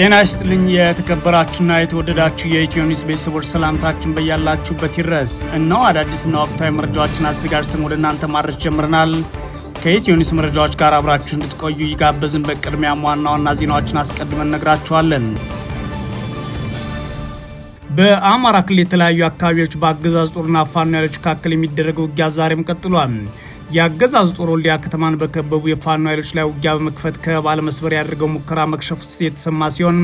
ጤና ይስጥልኝ የተከበራችሁና የተወደዳችሁ የኢትዮ ኒውስ ቤተሰቦች ሰላምታችን በያላችሁበት ይድረስ። እነሆ አዳዲስና ወቅታዊ መረጃዎችን አዘጋጅተን ወደ እናንተ ማድረስ ጀምረናል። ከኢትዮ ኒውስ መረጃዎች ጋር አብራችሁ እንድትቆዩ ይጋበዝን። በቅድሚያም ዋና ዋና ዜናዎችን አስቀድመን እነግራችኋለን። በአማራ ክልል የተለያዩ አካባቢዎች በአገዛዝ ጦርና ፋኖ ኃይሎች መካከል የሚደረገው ውጊያ ዛሬም ቀጥሏል። የአገዛዙ ጦር ወልዲያ ከተማን በከበቡ የፋኖ ኃይሎች ላይ ውጊያ በመክፈት ከባለ መስበር ያደረገው ሙከራ መክሸፍ የተሰማ ሲሆን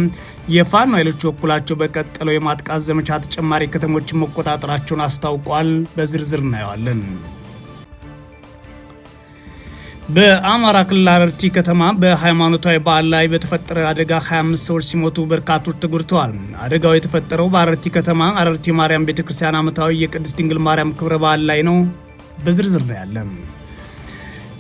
የፋኖ ኃይሎች በኩላቸው በቀጠለው የማጥቃት ዘመቻ ተጨማሪ ከተሞችን መቆጣጠራቸውን አስታውቋል። በዝርዝር እናየዋለን። በአማራ ክልል አረርቲ ከተማ በሃይማኖታዊ በዓል ላይ በተፈጠረ አደጋ 25 ሰዎች ሲሞቱ በርካቶች ተጎድተዋል። አደጋው የተፈጠረው በአረርቲ ከተማ አረርቲ ማርያም ቤተክርስቲያን ዓመታዊ የቅድስት ድንግል ማርያም ክብረ በዓል ላይ ነው። በዝርዝር እናያለን።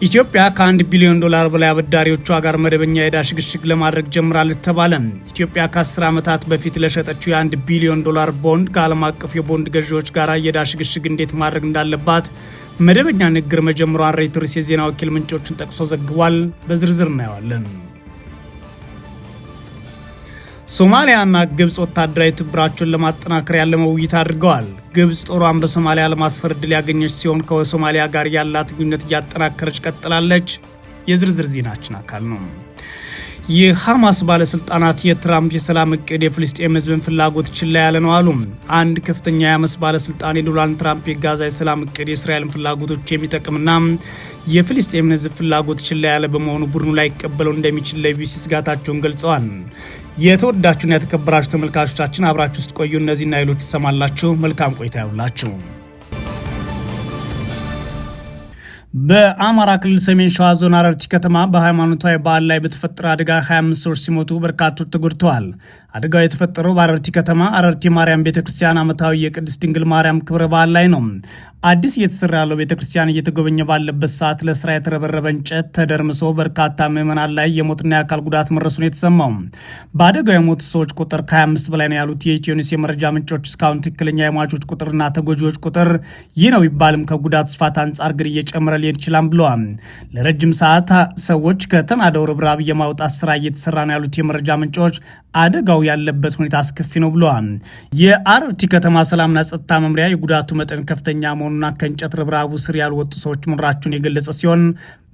ኢትዮጵያ ከአንድ ቢሊዮን ዶላር በላይ አበዳሪዎቿ ጋር መደበኛ የዕዳ ሽግሽግ ለማድረግ ጀምራለች ተባለ። ኢትዮጵያ ከ10 ዓመታት በፊት ለሸጠችው የአንድ ቢሊዮን ዶላር ቦንድ ከዓለም አቀፍ የቦንድ ገዢዎች ጋር የዕዳ ሽግሽግ እንዴት ማድረግ እንዳለባት መደበኛ ንግግር መጀመሯን ሬይተርስ የዜና ወኪል ምንጮችን ጠቅሶ ዘግቧል። በዝርዝር እናየዋለን። ሶማሊያና ግብፅ ወታደራዊ ትብብራቸውን ለማጠናከር ያለመ ውይይት አድርገዋል። ግብጽ ጦሯን በሶማሊያ ለማስፈር እድል ያገኘች ሲሆን ከሶማሊያ ጋር ያላት ግንኙነት እያጠናከረች ቀጥላለች። የዝርዝር ዜናችን አካል ነው። የሐማስ ባለስልጣናት የትራምፕ የሰላም እቅድ የፍልስጤም ህዝብን ፍላጎት ችላ ያለ ነው አሉ። አንድ ከፍተኛ የሐማስ ባለስልጣን የዶናልድ ትራምፕ የጋዛ የሰላም እቅድ የእስራኤልን ፍላጎቶች የሚጠቅምና የፍልስጤምን ህዝብ ፍላጎት ችላ ያለ በመሆኑ ቡድኑ ላይ ይቀበለው እንደሚችል ለቢቢሲ ስጋታቸውን ገልጸዋል። የተወዳችሁና የተከበራችሁ ተመልካቾቻችን አብራችሁ ውስጥ ቆዩ። እነዚህና ሌሎች ትሰማላችሁ። መልካም ቆይታ ያውላችሁ። በአማራ ክልል ሰሜን ሸዋ ዞን አረርቲ ከተማ በሃይማኖታዊ በዓል ላይ በተፈጠረ አደጋ 25 ሰዎች ሲሞቱ በርካቶች ተጎድተዋል። አደጋው የተፈጠረው በአረርቲ ከተማ አረርቲ ማርያም ቤተክርስቲያን ዓመታዊ የቅድስት ድንግል ማርያም ክብረ በዓል ላይ ነው። አዲስ እየተሰራ ያለው ቤተክርስቲያን እየተጎበኘ ባለበት ሰዓት ለስራ የተረበረበ እንጨት ተደርምሶ በርካታ ምዕመናን ላይ የሞትና የአካል ጉዳት መድረሱን የተሰማው በአደጋው የሞቱ ሰዎች ቁጥር ከ25 በላይ ነው ያሉት የኢትዮኒስ የመረጃ ምንጮች እስካሁን ትክክለኛ የሟቾች ቁጥርና ተጎጂዎች ቁጥር ይህ ነው ቢባልም ከጉዳቱ ስፋት አንጻር ግን እየጨመረ ሊሄድ ይችላል ብለዋል። ለረጅም ሰዓት ሰዎች ከተናዳው ርብራብ የማውጣት ስራ እየተሰራ ነው ያሉት የመረጃ ምንጮች አደጋው ያለበት ሁኔታ አስከፊ ነው ብለዋል። የአረርቲ ከተማ ሰላምና ጸጥታ መምሪያ የጉዳቱ መጠን ከፍተኛ መሆኑና ከእንጨት ርብራቡ ስር ያልወጡ ሰዎች መኖራቸውን የገለጸ ሲሆን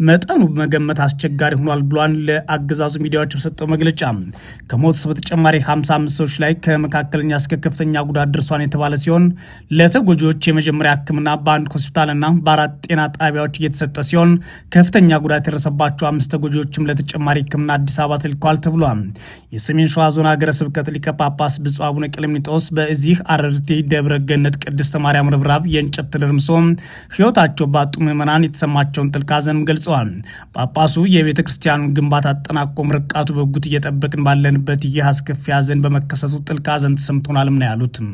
መጠኑ በመገመት አስቸጋሪ ሆኗል ብሏን ለአገዛዙ ሚዲያዎች በሰጠው መግለጫ ከሞት በተጨማሪ 55 ሰዎች ላይ ከመካከለኛ እስከ ከፍተኛ ጉዳት ደርሷን የተባለ ሲሆን ለተጎጂዎች የመጀመሪያ ሕክምና በአንድ ሆስፒታልና በአራት ጤና ጣቢያዎች እየተሰጠ ሲሆን ከፍተኛ ጉዳት የደረሰባቸው አምስት ተጎጂዎችም ለተጨማሪ ሕክምና አዲስ አበባ ተልኳል ተብሏል። የሰሜን ሸዋ ዞን ሀገረ ስብከት ሊቀ ጳጳስ ብፁዕ አቡነ ቀለምኒጦስ በዚህ አረርቴ ደብረ ገነት ቅድስተ ማርያም ርብራብ የእንጨት ተደርምሶ ሕይወታቸው ባጡ ምዕመናን የተሰማቸውን ጥልቅ ሐዘን ገልጸዋል። ጳጳሱ የቤተ ክርስቲያኑ ግንባታ አጠናቆ ምርቃቱ በጉት እየጠበቅን ባለንበት ይህ አስከፊ ሐዘን በመከሰቱ ጥልቅ ሐዘን ተሰምቶናልም ነው ያሉትም።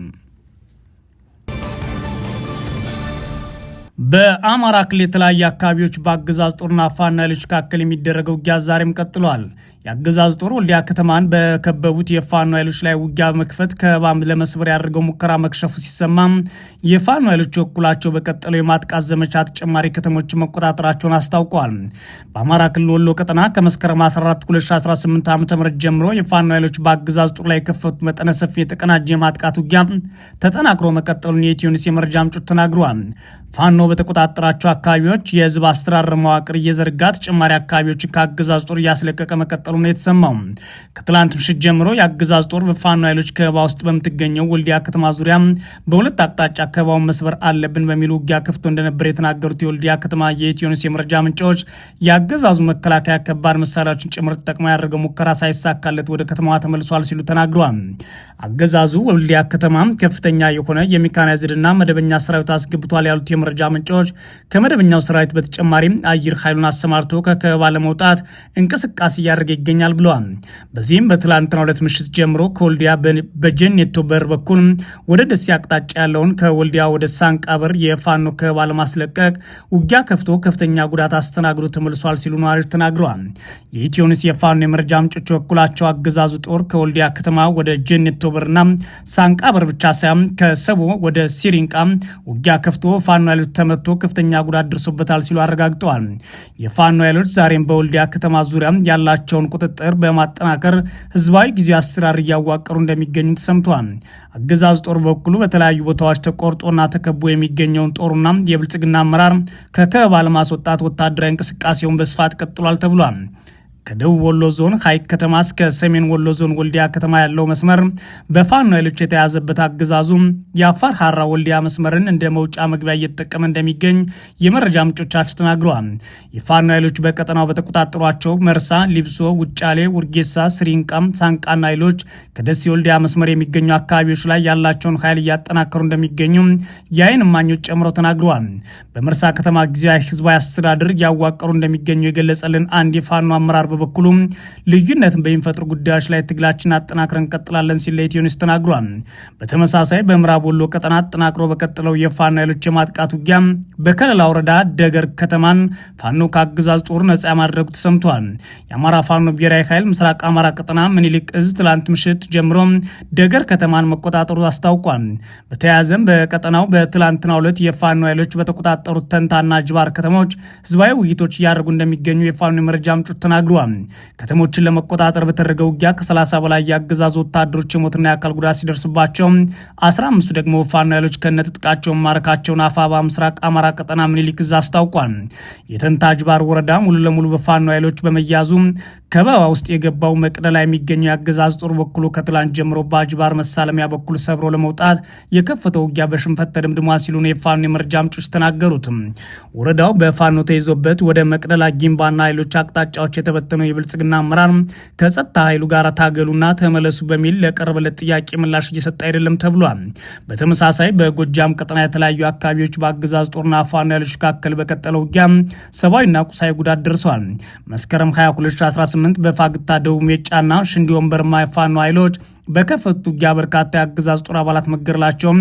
በአማራ ክልል የተለያዩ አካባቢዎች በአገዛዝ ጦርና ፋኖ ኃይሎች መካከል የሚደረገው ውጊያ ዛሬም ቀጥሏል። የአገዛዝ ጦር ወልዲያ ከተማን በከበቡት የፋኖ ኃይሎች ላይ ውጊያ በመክፈት ከበባም ለመስበር ያደርገው ሙከራ መክሸፉ ሲሰማ የፋኖ ኃይሎች በኩላቸው በቀጠለው የማጥቃት ዘመቻ ተጨማሪ ከተሞችን መቆጣጠራቸውን አስታውቀዋል። በአማራ ክልል ወሎ ቀጠና ከመስከረም 14 2018 ዓ ም ጀምሮ የፋኖ ኃይሎች በአገዛዝ ጦር ላይ የከፈቱት መጠነ ሰፊ የተቀናጀ የማጥቃት ውጊያ ተጠናክሮ መቀጠሉን የኢትዮኒስ የመረጃ ምንጮች ተናግረዋል። ፋኖ በተቆጣጠራቸው አካባቢዎች የህዝብ አስተራር መዋቅር እየዘረጋ ተጨማሪ አካባቢዎችን ከአገዛዝ ጦር እያስለቀቀ መቀጠሉ መቀጠሉ ነው የተሰማው። ከትላንት ምሽት ጀምሮ የአገዛዝ ጦር በፋኖ ኃይሎች ከበባ ውስጥ በምትገኘው ወልዲያ ከተማ ዙሪያ በሁለት አቅጣጫ ከበባውን መስበር አለብን በሚሉ ውጊያ ከፍቶ እንደነበር የተናገሩት የወልዲያ ከተማ የኢትዮንስ የመረጃ ምንጮች የአገዛዙ መከላከያ ከባድ መሳሪያዎችን ጭምር ተጠቅሞ ያደረገው ሙከራ ሳይሳካለት ወደ ከተማዋ ተመልሷል ሲሉ ተናግረዋል። አገዛዙ ወልዲያ ከተማ ከፍተኛ የሆነ የሜካናይዝድና መደበኛ ሰራዊት አስገብቷል ያሉት የመረጃ ምንጮች ከመደበኛው ሰራዊት በተጨማሪም አየር ኃይሉን አሰማርቶ ከከበባ ለመውጣት እንቅስቃሴ እያደረገ ይገኛል ብለዋል። በዚህም በትላንትና ሁለት ምሽት ጀምሮ ከወልዲያ በጀኔቶ በር በኩል ወደ ደሴ አቅጣጫ ያለውን ከወልዲያ ወደ ሳንቃ በር የፋኖ ከበባ ለማስለቀቅ ውጊያ ከፍቶ ከፍተኛ ጉዳት አስተናግዶ ተመልሷል ሲሉ ነዋሪዎች ተናግረዋል። የኢትዮንስ የፋኖ የመረጃ ምንጮች በኩላቸው አገዛዙ ጦር ከወልዲያ ከተማ ወደ ጀኔቶ በርና ሳንቃ በር ብቻ ሳያም ከሰቦ ወደ ሲሪንቃ ውጊያ ከፍቶ ፋኖ ኃይሎች ተመቶ ከፍተኛ ጉዳት ደርሶበታል ሲሉ አረጋግጠዋል። የፋኖ ኃይሎች ዛሬም በወልዲያ ከተማ ዙሪያ ያላቸውን ቁጥጥር በማጠናከር ህዝባዊ ጊዜ አሰራር እያዋቀሩ እንደሚገኙ ተሰምቷል። አገዛዝ ጦር በኩሉ በተለያዩ ቦታዎች ተቆርጦና ተከቦ የሚገኘውን ጦሩና የብልጽግና አመራር ከከበባ ለማስወጣት ወታደራዊ እንቅስቃሴውን በስፋት ቀጥሏል ተብሏል። ከደቡብ ወሎ ዞን ሀይቅ ከተማ እስከ ሰሜን ወሎ ዞን ወልዲያ ከተማ ያለው መስመር በፋኖ ኃይሎች የተያዘበት አገዛዙ የአፋር ሀራ ወልዲያ መስመርን እንደ መውጫ መግቢያ እየተጠቀመ እንደሚገኝ የመረጃ ምንጮቻችን ተናግረዋል። የፋኖ ኃይሎች በቀጠናው በተቆጣጠሯቸው መርሳ፣ ሊብሶ፣ ውጫሌ፣ ውርጌሳ፣ ስሪንቃም፣ ሳንቃና ኃይሎች ከደሴ ወልዲያ መስመር የሚገኙ አካባቢዎች ላይ ያላቸውን ኃይል እያጠናከሩ እንደሚገኙ የአይን እማኞች ጨምሮ ተናግረዋል። በመርሳ ከተማ ጊዜያዊ ህዝባዊ አስተዳደር እያዋቀሩ እንደሚገኙ የገለጸልን አንድ የፋኖ አመራር በበኩሉ ልዩነትን በሚፈጥሩ ጉዳዮች ላይ ትግላችን አጠናክረን እንቀጥላለን ሲል ለኢትዮ ኒውስ ተናግሯል። በተመሳሳይ በምዕራብ ወሎ ቀጠና አጠናክሮ በቀጠለው የፋኖ ኃይሎች የማጥቃት ውጊያ በከለላ ወረዳ ደገር ከተማን ፋኖ ከአገዛዝ ጦር ነጻ ማድረጉ ተሰምቷል። የአማራ ፋኖ ብሔራዊ ኃይል ምስራቅ አማራ ቀጠና ምኒልክ እዝ ትላንት ምሽት ጀምሮ ደገር ከተማን መቆጣጠሩ አስታውቋል። በተያያዘም በቀጠናው በትላንትና ሁለት የፋኖ ኃይሎች በተቆጣጠሩት ተንታና ጅባር ከተሞች ህዝባዊ ውይይቶች እያደረጉ እንደሚገኙ የፋኖ የመረጃ ምንጮች ተናግረዋል። ተናግረዋል። ከተሞችን ለመቆጣጠር በተደረገ ውጊያ ከ30 በላይ የአገዛዙ ወታደሮች የሞትና የአካል ጉዳት ሲደርስባቸው 15ቱ ደግሞ ፋኖ ኃይሎች ከነትጥቃቸውን ማረካቸውን አፋባ ምስራቅ አማራ ቀጠና ምኒልክ እዝ አስታውቋል። የተንታጅ ባር ወረዳ ሙሉ ለሙሉ በፋኖ ኃይሎች በመያዙ ከበባ ውስጥ የገባው መቅደላ የሚገኘው የአገዛዝ ጦር በኩሉ ከትላንት ጀምሮ በአጅባር መሳለሚያ በኩል ሰብሮ ለመውጣት የከፈተው ውጊያ በሽንፈት ተደምድሟ ሲሉ ነው የፋኖ የመረጃ ምንጮች ተናገሩት። ወረዳው በፋኖ ተይዞበት ወደ መቅደላ ጊምባና ሌሎች አቅጣጫዎች የተበተ የተበታተነው የብልጽግና አመራር ከጸጥታ ኃይሉ ጋር ታገሉና ተመለሱ በሚል ለቀረበለት ጥያቄ ምላሽ እየሰጠ አይደለም ተብሏል። በተመሳሳይ በጎጃም ቀጠና የተለያዩ አካባቢዎች በአገዛዝ ጦርና ፋኖ ኃይሎች መካከል በቀጠለው ውጊያ ሰብአዊና ቁሳዊ ጉዳት ደርሰዋል። መስከረም 22 2018 በፋግታ ደቡብ ሜጫና ሽንዲ ወንበርማ የፋኖ ኃይሎች በከፈቱ ውጊያ በርካታ የአገዛዝ ጦር አባላት መገደላቸውም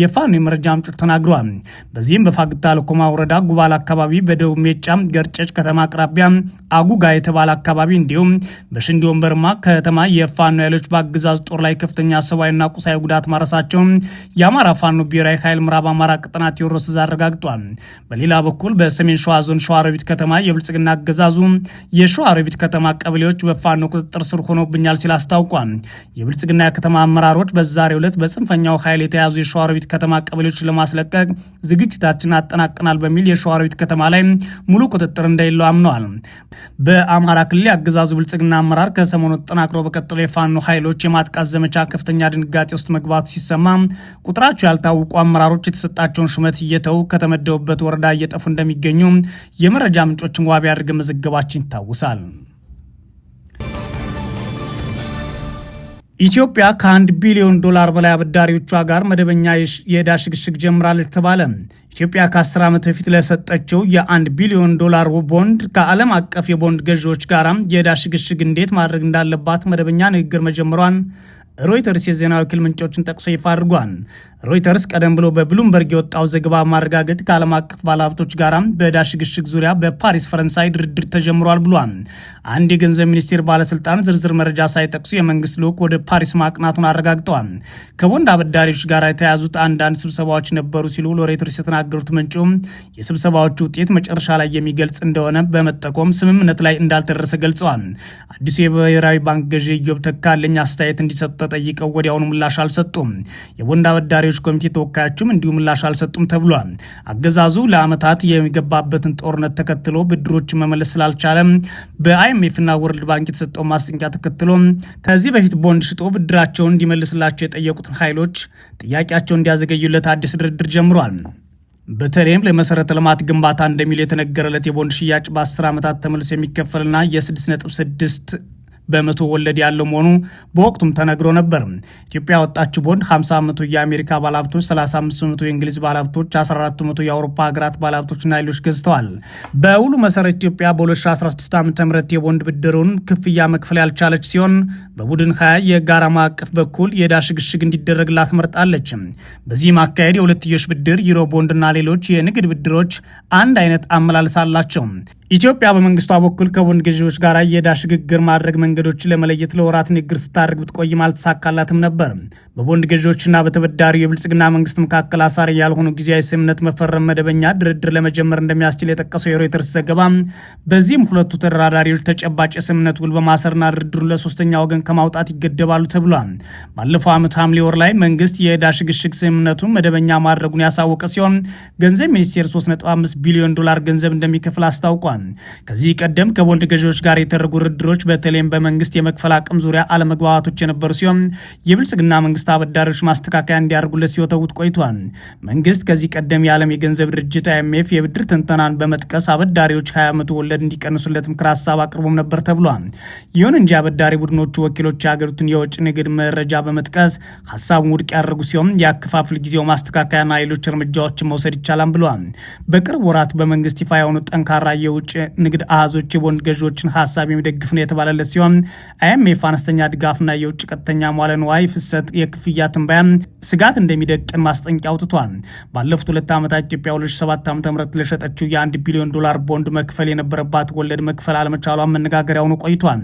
የፋኖ የመረጃ ምንጮች ተናግረዋል። በዚህም በፋግታ ለኮማ ወረዳ ጉባል አካባቢ፣ በደቡብ ሜጫ ገርጨጭ ከተማ አቅራቢያ አጉጋ የተባለ አካባቢ እንዲሁም በሽንዲ ወንበርማ ከተማ የፋኖ ኃይሎች በአገዛዝ ጦር ላይ ከፍተኛ ሰብአዊና ቁሳዊ ጉዳት ማረሳቸውም የአማራ ፋኖ ብሔራዊ ኃይል ምዕራብ አማራ ቀጠና ቴዎድሮስ ዕዝ አረጋግጧል። በሌላ በኩል በሰሜን ሸዋ ዞን ሸዋሮቢት ከተማ የብልጽግና አገዛዙ የሸዋሮቢት ከተማ ቀበሌዎች በፋኖ ቁጥጥር ስር ሆኖብኛል ሲል አስታውቋል። የብልጽግና የከተማ አመራሮች በዛሬ ዕለት በጽንፈኛው ኃይል የተያዙ የሸዋሮቢት ከተማ ቀበሌዎች ለማስለቀቅ ዝግጅታችን አጠናቀናል በሚል የሸዋሮቢት ከተማ ላይ ሙሉ ቁጥጥር እንደሌለው አምነዋል። በአማራ ክልል የአገዛዙ ብልጽግና አመራር ከሰሞኑ ተጠናክሮ በቀጠሉ የፋኖ ኃይሎች የማጥቃት ዘመቻ ከፍተኛ ድንጋጤ ውስጥ መግባቱ ሲሰማ ቁጥራቸው ያልታወቁ አመራሮች የተሰጣቸውን ሹመት እየተው ከተመደቡበት ወረዳ እየጠፉ እንደሚገኙ የመረጃ ምንጮችን ዋቢ አድርገን መዘገባችን ይታወሳል። ኢትዮጵያ ከአንድ ቢሊዮን ዶላር በላይ አበዳሪዎቿ ጋር መደበኛ የዕዳ ሽግሽግ ጀምራለች ተባለ። ኢትዮጵያ ከ10 ዓመት በፊት ለሰጠችው የአንድ ቢሊዮን ዶላር ቦንድ ከዓለም አቀፍ የቦንድ ገዢዎች ጋር የዕዳ ሽግሽግ እንዴት ማድረግ እንዳለባት መደበኛ ንግግር መጀመሯን ሮይተርስ የዜና ወኪል ምንጮችን ጠቅሶ ይፋ አድርጓል። ሮይተርስ ቀደም ብሎ በብሉምበርግ የወጣው ዘገባ ማረጋገጥ ከዓለም አቀፍ ባለሀብቶች ጋር በዕዳ ሽግሽግ ዙሪያ በፓሪስ ፈረንሳይ ድርድር ተጀምሯል ብሏል። አንድ የገንዘብ ሚኒስቴር ባለስልጣን ዝርዝር መረጃ ሳይጠቅሱ የመንግስት ልዑክ ወደ ፓሪስ ማቅናቱን አረጋግጠዋል። ከቦንድ አበዳሪዎች ጋር የተያዙት አንዳንድ ስብሰባዎች ነበሩ ሲሉ ለሮይተርስ የተናገሩት ምንጩ የስብሰባዎቹ ውጤት መጨረሻ ላይ የሚገልጽ እንደሆነ በመጠቆም ስምምነት ላይ እንዳልተደረሰ ገልጸዋል። አዲሱ የብሔራዊ ባንክ ገዢ ኢዮብ ተካልኝ አስተያየት እንዲሰጡ ተጠይቀው ወዲያውኑ ምላሽ አልሰጡም። የቦንድ አበዳሪዎች ኮሚቴ ተወካዮችም እንዲሁ ምላሽ አልሰጡም ተብሏል። አገዛዙ ለአመታት የሚገባበትን ጦርነት ተከትሎ ብድሮችን መመለስ ስላልቻለም በአይኤምኤፍና ወርልድ ባንክ የተሰጠው ማስጠንቀቂያ ተከትሎ ከዚህ በፊት ቦንድ ሽጦ ብድራቸውን እንዲመልስላቸው የጠየቁትን ኃይሎች ጥያቄያቸው እንዲያዘገዩለት አዲስ ድርድር ጀምሯል። በተለይም ለመሰረተ ልማት ግንባታ እንደሚል የተነገረለት የቦንድ ሽያጭ በ10 ዓመታት ተመልሶ የሚከፈልና የ6.6 በመቶ ወለድ ያለው መሆኑ በወቅቱም ተነግሮ ነበር። ኢትዮጵያ ያወጣችው ቦንድ 50 መቶ የአሜሪካ ባለሀብቶች፣ 35 በመቶ የእንግሊዝ ባለሀብቶች፣ 14 መቶ የአውሮፓ ሀገራት ባለሀብቶችና ሌሎች ገዝተዋል። በውሉ መሰረት ኢትዮጵያ በ2016 ዓ ም የቦንድ ብድሩን ክፍያ መክፈል ያልቻለች ሲሆን በቡድን ሀያ የጋራ ማዕቀፍ በኩል የዕዳ ሽግሽግ እንዲደረግላት መርጣለች። በዚህም አካሄድ የሁለትዮሽ ብድር፣ ዩሮ ቦንድና ሌሎች የንግድ ብድሮች አንድ አይነት አመላለስ አላቸው። ኢትዮጵያ በመንግስቷ በኩል ከቦንድ ገዢዎች ጋር የዕዳ ሽግግር ማድረግ መንገዶችን ለመለየት ለወራት ንግግር ስታደርግ ብትቆይም አልተሳካላትም ነበር። በቦንድ ገዢዎችና በተበዳሪው የብልጽግና መንግስት መካከል አሳሪ ያልሆኑ ጊዜያዊ ስምምነት መፈረም መደበኛ ድርድር ለመጀመር እንደሚያስችል የጠቀሰው የሮይተርስ ዘገባ፣ በዚህም ሁለቱ ተደራዳሪዎች ተጨባጭ የስምምነት ውል በማሰርና ድርድሩን ለሶስተኛ ወገን ከማውጣት ይገደባሉ ተብሏል። ባለፈው ዓመት ሐምሌ ወር ላይ መንግስት የዕዳ ሽግሽግ ስምምነቱን መደበኛ ማድረጉን ያሳወቀ ሲሆን ገንዘብ ሚኒስቴር 35 ቢሊዮን ዶላር ገንዘብ እንደሚከፍል አስታውቋል። ከዚህ ቀደም ከቦንድ ገዢዎች ጋር የተደረጉ ድርድሮች በተለይም በመንግስት የመክፈል አቅም ዙሪያ አለመግባባቶች የነበሩ ሲሆን የብልጽግና መንግስት አበዳሪዎች ማስተካከያ እንዲያደርጉለት ሲወተውት ቆይቷል። መንግስት ከዚህ ቀደም የዓለም የገንዘብ ድርጅት አይኤምኤፍ የብድር ትንተናን በመጥቀስ አበዳሪዎች 20 ዓመቱ ወለድ እንዲቀንሱለት ምክር ሀሳብ አቅርቦም ነበር ተብሏል። ይሁን እንጂ አበዳሪ ቡድኖቹ ወኪሎች የሀገሪቱን የውጭ ንግድ መረጃ በመጥቀስ ሀሳቡን ውድቅ ያደረጉ ሲሆን የአከፋፍል ጊዜው ማስተካከያና ሌሎች እርምጃዎችን መውሰድ ይቻላል ብሏል። በቅርብ ወራት በመንግስት ይፋ የሆኑ ጠንካራ የውጭ የውጭ ንግድ አሃዞች የቦንድ ገዢዎችን ሀሳብ የሚደግፍ ነው የተባለለት ሲሆን አይኤምኤፍ አነስተኛ ድጋፍና የውጭ ቀጥተኛ ሟለ ንዋይ ፍሰት የክፍያ ትንበያ ስጋት እንደሚደቅን ማስጠንቀቂያ አውጥቷል። ባለፉት ሁለት ዓመታት ኢትዮጵያ 2007 ዓ ም ለሸጠችው የአንድ ቢሊዮን ዶላር ቦንድ መክፈል የነበረባት ወለድ መክፈል አለመቻሏ መነጋገሪያ ሆኖ ቆይቷል።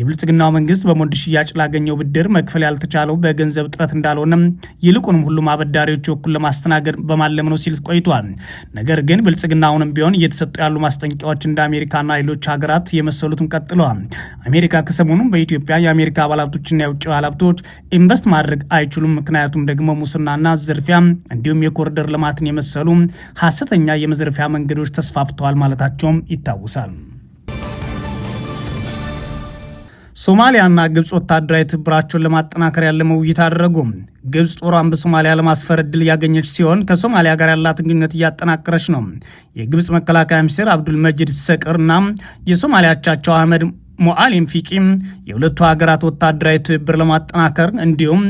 የብልጽግናው መንግስት በቦንድ ሽያጭ ላገኘው ብድር መክፈል ያልተቻለው በገንዘብ ጥረት እንዳልሆነ ይልቁንም ሁሉም አበዳሪዎች በኩል ለማስተናገድ በማለም ነው ሲል ቆይቷል። ነገር ግን ብልጽግና ቢሆን እየተሰጡ ያሉ ማስጠንቀቂያ ሻለቃዎች እንደ አሜሪካና ሌሎች ሀገራት የመሰሉትም ቀጥለዋል። አሜሪካ ከሰሞኑም በኢትዮጵያ የአሜሪካ ባለሀብቶችና የውጭ ባለሀብቶች ኢንቨስት ማድረግ አይችሉም፣ ምክንያቱም ደግሞ ሙስናና ዝርፊያ እንዲሁም የኮሪደር ልማትን የመሰሉ ሀሰተኛ የመዝረፊያ መንገዶች ተስፋፍተዋል ማለታቸውም ይታወሳል። ሶማሊያና ግብፅ ወታደራዊ ትብብራቸውን ለማጠናከር ያለመ ውይይት አደረጉ። ግብፅ ጦሯን በሶማሊያ ለማስፈር እድል እያገኘች ሲሆን ከሶማሊያ ጋር ያላትን ግንኙነት እያጠናከረች ነው። የግብፅ መከላከያ ሚኒስትር አብዱል ሰቅር ሰቅርና የሶማሊያ አቻቸው አህመድ ሞአሊም ፊቂም የሁለቱ ሀገራት ወታደራዊ ትብብር ለማጠናከር እንዲሁም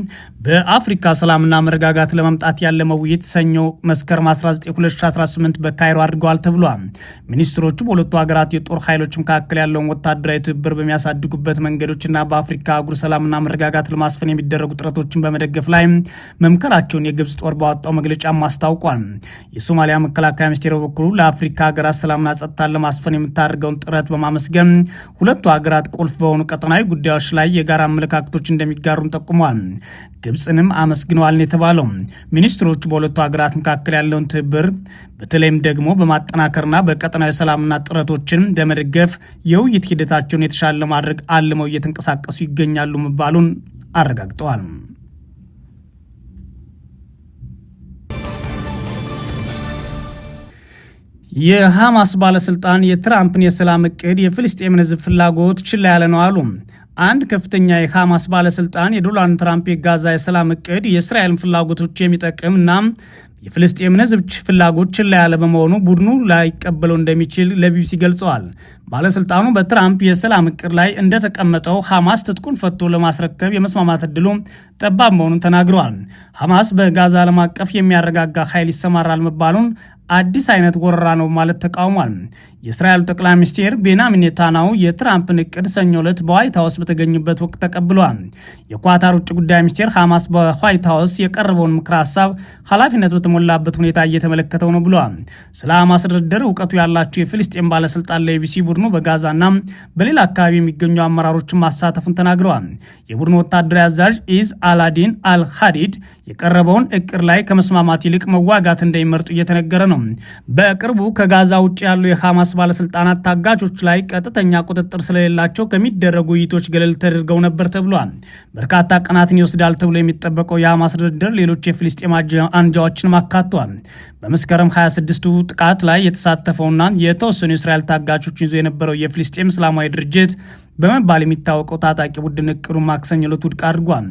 በአፍሪካ ሰላምና መረጋጋት ለማምጣት ያለ ውይይት ሰኞ መስከረም 19 2018 በካይሮ አድርገዋል ተብሏል። ሚኒስትሮቹ በሁለቱ ሀገራት የጦር ኃይሎች መካከል ያለውን ወታደራዊ ትብብር በሚያሳድጉበት መንገዶችና በአፍሪካ አህጉር ሰላምና መረጋጋት ለማስፈን የሚደረጉ ጥረቶችን በመደገፍ ላይ መምከራቸውን የግብፅ ጦር ባወጣው መግለጫ አስታውቋል። የሶማሊያ መከላከያ ሚኒስቴር በበኩሉ ለአፍሪካ ሀገራት ሰላምና ጸጥታን ለማስፈን የምታደርገውን ጥረት በማመስገን ሁለቱ ሀገራት ቁልፍ በሆኑ ቀጠናዊ ጉዳዮች ላይ የጋራ አመለካከቶች እንደሚጋሩም ጠቁመዋል። ግብፅንም አመስግነዋል የተባለው። ሚኒስትሮች በሁለቱ ሀገራት መካከል ያለውን ትብብር በተለይም ደግሞ በማጠናከርና በቀጠናዊ ሰላምና ጥረቶችን በመደገፍ የውይይት ሂደታቸውን የተሻለ ለማድረግ አልመው እየተንቀሳቀሱ ይገኛሉ መባሉን አረጋግጠዋል። የሐማስ ባለስልጣን የትራምፕን የሰላም እቅድ የፍልስጤምን ህዝብ ፍላጎት ችላ ያለ ነው አሉ። አንድ ከፍተኛ የሐማስ ባለስልጣን የዶናልድ ትራምፕ የጋዛ የሰላም እቅድ የእስራኤልን ፍላጎቶች የሚጠቅም እና የፍልስጤምን ህዝብ ፍላጎት ችላ ያለ በመሆኑ ቡድኑ ላይቀበለው እንደሚችል ለቢቢሲ ገልጸዋል። ባለስልጣኑ በትራምፕ የሰላም እቅድ ላይ እንደተቀመጠው ሐማስ ትጥቁን ፈቶ ለማስረከብ የመስማማት እድሉ ጠባብ መሆኑን ተናግረዋል። ሐማስ በጋዛ ዓለም አቀፍ የሚያረጋጋ ኃይል ይሰማራል መባሉን አዲስ አይነት ወረራ ነው ማለት ተቃውሟል። የእስራኤሉ ጠቅላይ ሚኒስቴር ቤንያሚን ኔታንያሁ የትራምፕን እቅድ ሰኞ ዕለት በዋይት ሀውስ በተገኙበት ወቅት ተቀብሏል። የኳታር ውጭ ጉዳይ ሚኒስቴር ሐማስ በዋይት ሀውስ የቀረበውን ምክር ሀሳብ ኃላፊነት በተሞላበት ሁኔታ እየተመለከተው ነው ብሏል። ስለ ሐማስ ድርድር እውቀቱ ያላቸው የፊልስጤን ባለስልጣን ለኤቢሲ ቡድኑ በጋዛና በሌላ አካባቢ የሚገኙ አመራሮችን ማሳተፉን ተናግረዋል። የቡድኑ ወታደራዊ አዛዥ ኢዝ አላዲን አልሃዲድ የቀረበውን እቅድ ላይ ከመስማማት ይልቅ መዋጋት እንደሚመርጡ እየተነገረ ነው። ነው። በቅርቡ ከጋዛ ውጭ ያሉ የሐማስ ባለስልጣናት ታጋቾች ላይ ቀጥተኛ ቁጥጥር ስለሌላቸው ከሚደረጉ ውይይቶች ገለል ተደርገው ነበር ተብሏል። በርካታ ቀናትን ይወስዳል ተብሎ የሚጠበቀው የሐማስ ድርድር ሌሎች የፍልስጤም አንጃዎችንም አካቷል። በመስከረም 26ቱ ጥቃት ላይ የተሳተፈውና የተወሰኑ የእስራኤል ታጋቾችን ይዞ የነበረው የፍልስጤም እስላማዊ ድርጅት በመባል የሚታወቀው ታጣቂ ቡድን እቅዱን ማክሰኞ ዕለት ውድቅ አድርጓል።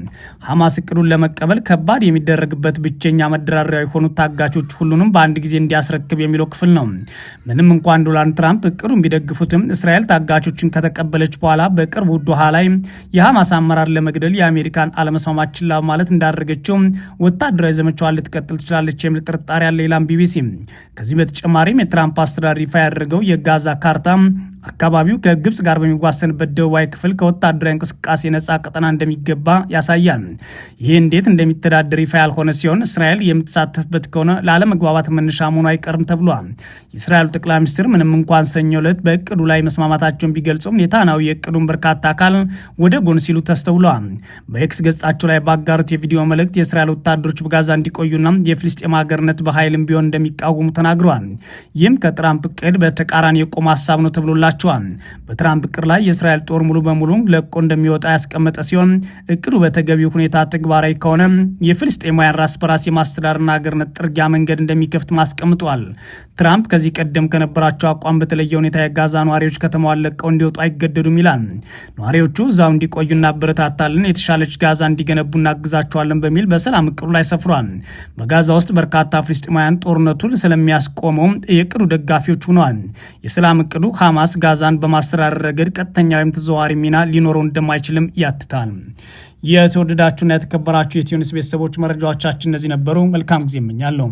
ሐማስ እቅዱን ለመቀበል ከባድ የሚደረግበት ብቸኛ መደራደሪያ የሆኑት ታጋቾች ሁሉንም በአንድ ጊዜ እንዲያስረክብ የሚለው ክፍል ነው። ምንም እንኳን ዶናልድ ትራምፕ እቅዱን ቢደግፉትም እስራኤል ታጋቾችን ከተቀበለች በኋላ በቅርቡ ዶሃ ላይ የሐማስ አመራር ለመግደል የአሜሪካን አለመስማማት ችላ ማለት እንዳደረገችው ወታደራዊ ዘመቻዋን ልትቀጥል ትችላለች የሚል ጥርጣሬ አለ ሌላም ቢቢሲ። ከዚህ በተጨማሪም የትራምፕ አስተዳደር ይፋ ያደረገው የጋዛ ካርታ አካባቢው ከግብፅ ጋር በሚዋሰንበት ደቡባዊ ክፍል ከወታደራዊ እንቅስቃሴ ነጻ ቀጠና እንደሚገባ ያሳያል። ይህ እንዴት እንደሚተዳደር ይፋ ያልሆነ ሲሆን እስራኤል የምትሳተፍበት ከሆነ ለአለመግባባት መነሻ መሆኑ አይቀርም ተብሏል። የእስራኤሉ ጠቅላይ ሚኒስትር ምንም እንኳን ሰኞ ዕለት በእቅዱ ላይ መስማማታቸውን ቢገልጹም ኔታናዊ የእቅዱን በርካታ አካል ወደ ጎን ሲሉ ተስተውለዋል። በኤክስ ገጻቸው ላይ ባጋሩት የቪዲዮ መልእክት የእስራኤል ወታደሮች በጋዛ እንዲቆዩና የፍልስጤም ሀገርነት በኃይልም ቢሆን እንደሚቃወሙ ተናግረዋል። ይህም ከትራምፕ እቅድ በተቃራኒ የቆመ ሀሳብ ነው ተብሎላቸው ይገኝባቸዋል። በትራምፕ እቅድ ላይ የእስራኤል ጦር ሙሉ በሙሉ ለቆ እንደሚወጣ ያስቀመጠ ሲሆን እቅዱ በተገቢ ሁኔታ ተግባራዊ ከሆነ የፍልስጤማውያን ራስ በራስ የማስተዳደርና ሀገርነት ጥርጊያ መንገድ እንደሚከፍት ማስቀምጧል። ትራምፕ ከዚህ ቀደም ከነበራቸው አቋም በተለየ ሁኔታ የጋዛ ነዋሪዎች ከተማዋን ለቀው እንዲወጡ አይገደዱም ይላል። ነዋሪዎቹ እዛው እንዲቆዩ እናበረታታለን፣ የተሻለች ጋዛ እንዲገነቡ እናግዛቸዋለን በሚል በሰላም እቅዱ ላይ ሰፍሯል። በጋዛ ውስጥ በርካታ ፍልስጤማውያን ጦርነቱን ስለሚያስቆመው የእቅዱ ደጋፊዎች ሆነዋል። የሰላም እቅዱ ሐማስ ጋዛን በማሰራር ረገድ ቀጥተኛ ወይም ተዘዋዋሪ ሚና ሊኖረው እንደማይችልም ያትታል። የተወደዳችሁና የተከበራችሁ የኢትዮ ቤተሰቦች መረጃዎቻችን እነዚህ ነበሩ። መልካም ጊዜ እመኛለሁ።